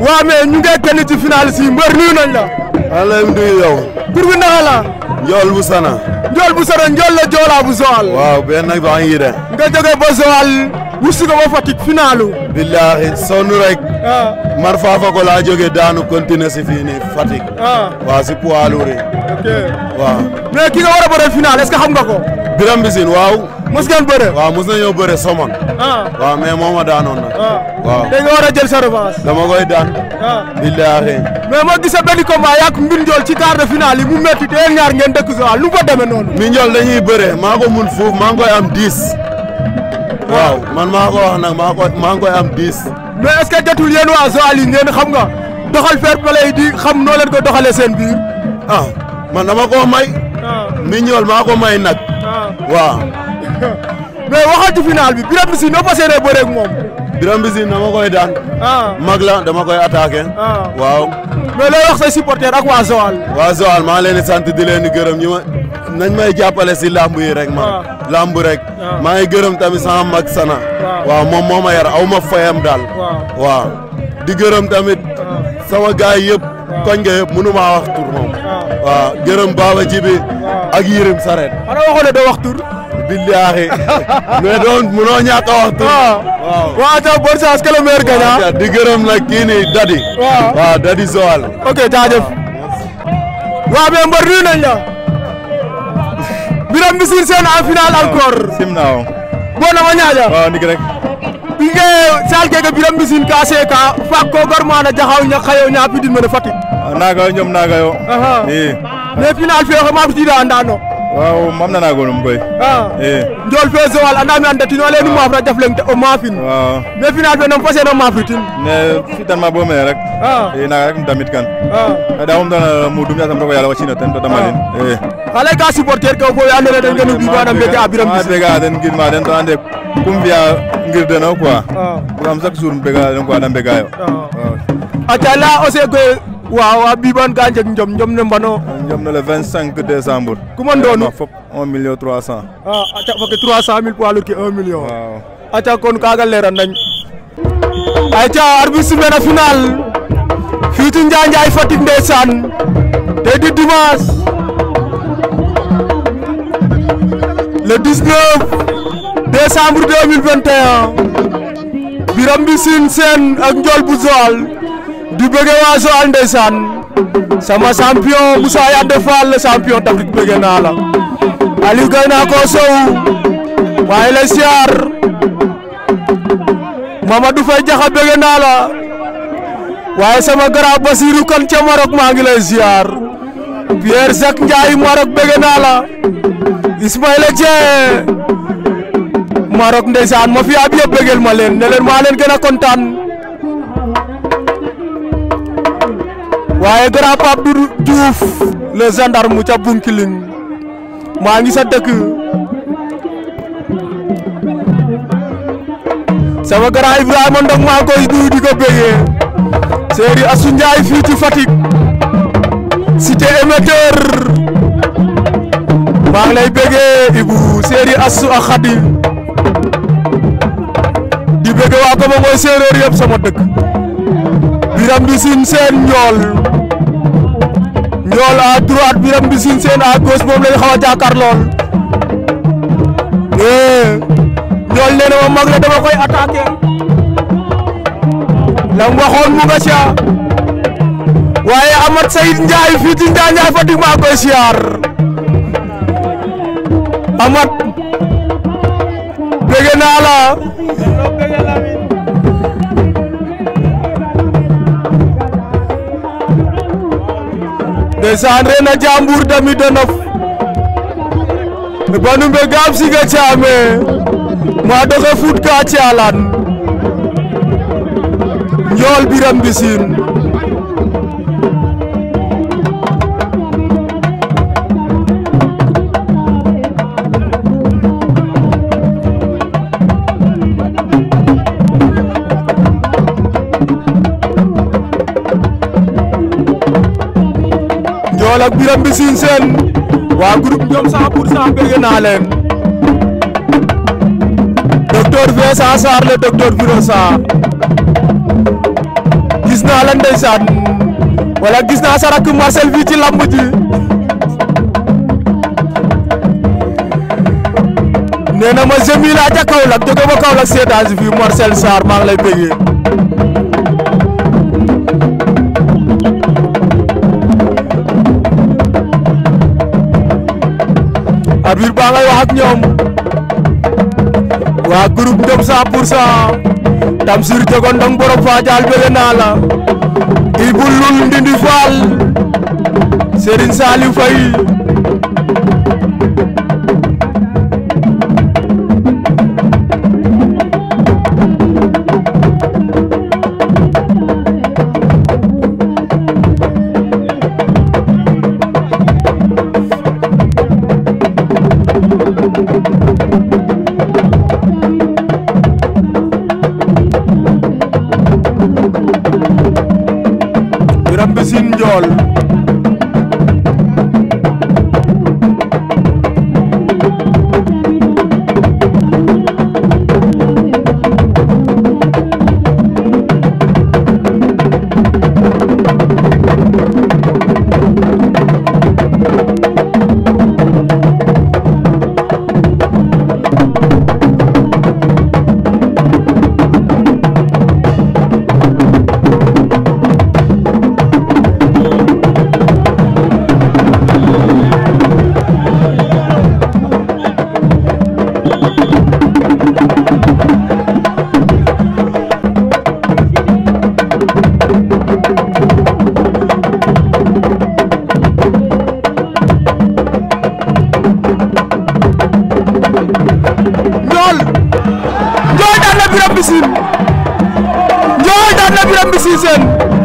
waaw mais ñu ngi kenn ci finaliste yi la. maa ngi lay nuyu yow. Njool bu Sana. Njool bu Sana Njool la Joolaa bu Joal. waaw benn baa ngi nga jógee ba Joal. wusu ko ba Fatick finalu. billaahi sonn rek. Ah. mar faafa ko laa daanu continuer si fii nii ah. si poids lourd. waaw. mais ki nga war a bëre final est ko. Biram Bisin waaw. mos ngeen bëre. waaw mos nañoo bëre Somone. Ah. waaw mais moo daanoon nag. Ah. waaw da nga war a jël sa daan. Ah. billaahi. mais moo gisee benn combat yaa ngi Mbine ci quart de finale yi mu métti te yéen ñaar ngeen dëkk Joal lu ko demee noonu. Mbine Ndiol dañuy bëre maa ko mun fuuf maa ngi am 10. waaw man maa ko wax nag maa ko am 10. mais est-ce que jotul yéen waa Joal yi ngeen xam nga doxal fair-play di xam noo leen ko seen biir. ah man dama koo may. Mbine maa ko may mais waxal ci final bi Birame Mbissine noo fas yéenee bëree ak moom. Birame Mbissine koy daan. Ah. mag la ma koy attaqué. Ah. waaw. mais looy wax say supporter ak waa Joal. maa leen di sant di leen di gërëm ñi ma nañ may jàppale si lamb yi rek ma. Ah. lamb rek. maa ngi gërëm tamit sama mag sana. waaw moom moo ma yar aw ma fayam daal. waaw di gërëm tamit. sama gaay yëpp. koñ nga yëpp mënu maa wax moom. waaw gërëm Baba Jibi. ak Yirim Saret. ana waxoon doo wax billaahi. mais doon munoo ñàkk a wax tur. waaw waaw ta bonne chance que le meilleur gagne. Ah? di gërëm nag kii nii Dadi. waaw waaw Dadi Sowal. nañ la. Birame Mbissine Sène en finale encore. boo na ma ñaaja. waaw ndig rek. ɓiɓɓe sal keke biram mbisin ka ko garmana jaxaw ñak xayo mene Fatick naga yo ñom naga yo i mais final fe oxe maak waaw mamna nagonum koy jol ah. eh. fe sowal andame an datino leyni mafra jaf leng o maafin mais final fe nam fasena maafitin ne fitanma bo mene rek i ah. eh, naga rek um damit kan xeɗa ah. eh, um dana mudum yasam rogo yala wacina ten to damalin xa ley ka supporter ke fo we ando naye den genu gidmana mbege a den gidma den to ande kum fiya ngir deno quoi programme chaque jour mbega den quoi da mbegayo aca leya aussi koy waaw a jëm na le cinq décembre. ku mën doonu fop un million trois cent. a ah, aca fokki trois cent mille poids ki un million. waaw aca kon kaaga leeral nañ. aca arbitre sifflé na final. fii ci Njaanjaay Fatick ndeysaan. tey di dimanche. le décembre 2021 Biram Mbissine Sène ak Ndiol bu Joal di bëgg waa Joal ndeysaan sama champion Moussa Yade Fall la champion d'Afrique bëgg naa la Aliou ko sow waaye la siyaar Mamadou Faye Jaxa bëgg waaye sama grand Basirou kan ca Maroc maa ngi siyaar Pierre Jacques Ndiaye Maroc bëgg naa la Ismaïla Dieng ma fi ab yëpp bëggel ma maa leen gën a kontaan waye grand pap du Diouf le gendarme ca Bunkiling ma ngi sa dëkk sama grand ibrahim ndok ma koy du di ko beye Seri asu ndjay fi ci fatik cité émetteur ma lay bégee ibu Seri asu akhadi di bégee wa ko mo mooy yeb sama dëkk Biram Mbissine Sène Ndiol Ndiol à droite Biram Mbissine Sène à gauche moom lañu xaw a jàkkaarlool eh Ndiol nee ma mag la dama koy attaqué la waxoon mu nga ca waaye Amath Sayid Ndiaye fii ci Njaañaay Fatick koy siyaar Amath bëgg naa la. ndeysaan rena jambour dami donof e banum ɓe gam siga caame maɗoxe fut ka calan njool biram mbisin la ak Biram bi siin seen waa groupe ñoom 100 pour 100 bëgg naa leen docteur Vincent Sarr le docteur Biro Sarr gis naa la ndeysaan wala gis naa sa rakk Marcel fii ci lamb nee na ma jëmi laa ca Kaolack jóge ba Kaolack seetaan si fii Marcel Sarr maa ngi lay arbitre baa ngay wax ak ñoom waa groupe Ngëm 100 pour 100 Tamsir Jokondong borom Fadial bëgg naa la Ibou Loul Ndindi Fall Serigne Saliou Faye njool Bisin Ndiol daan na Birame Mbissi Sène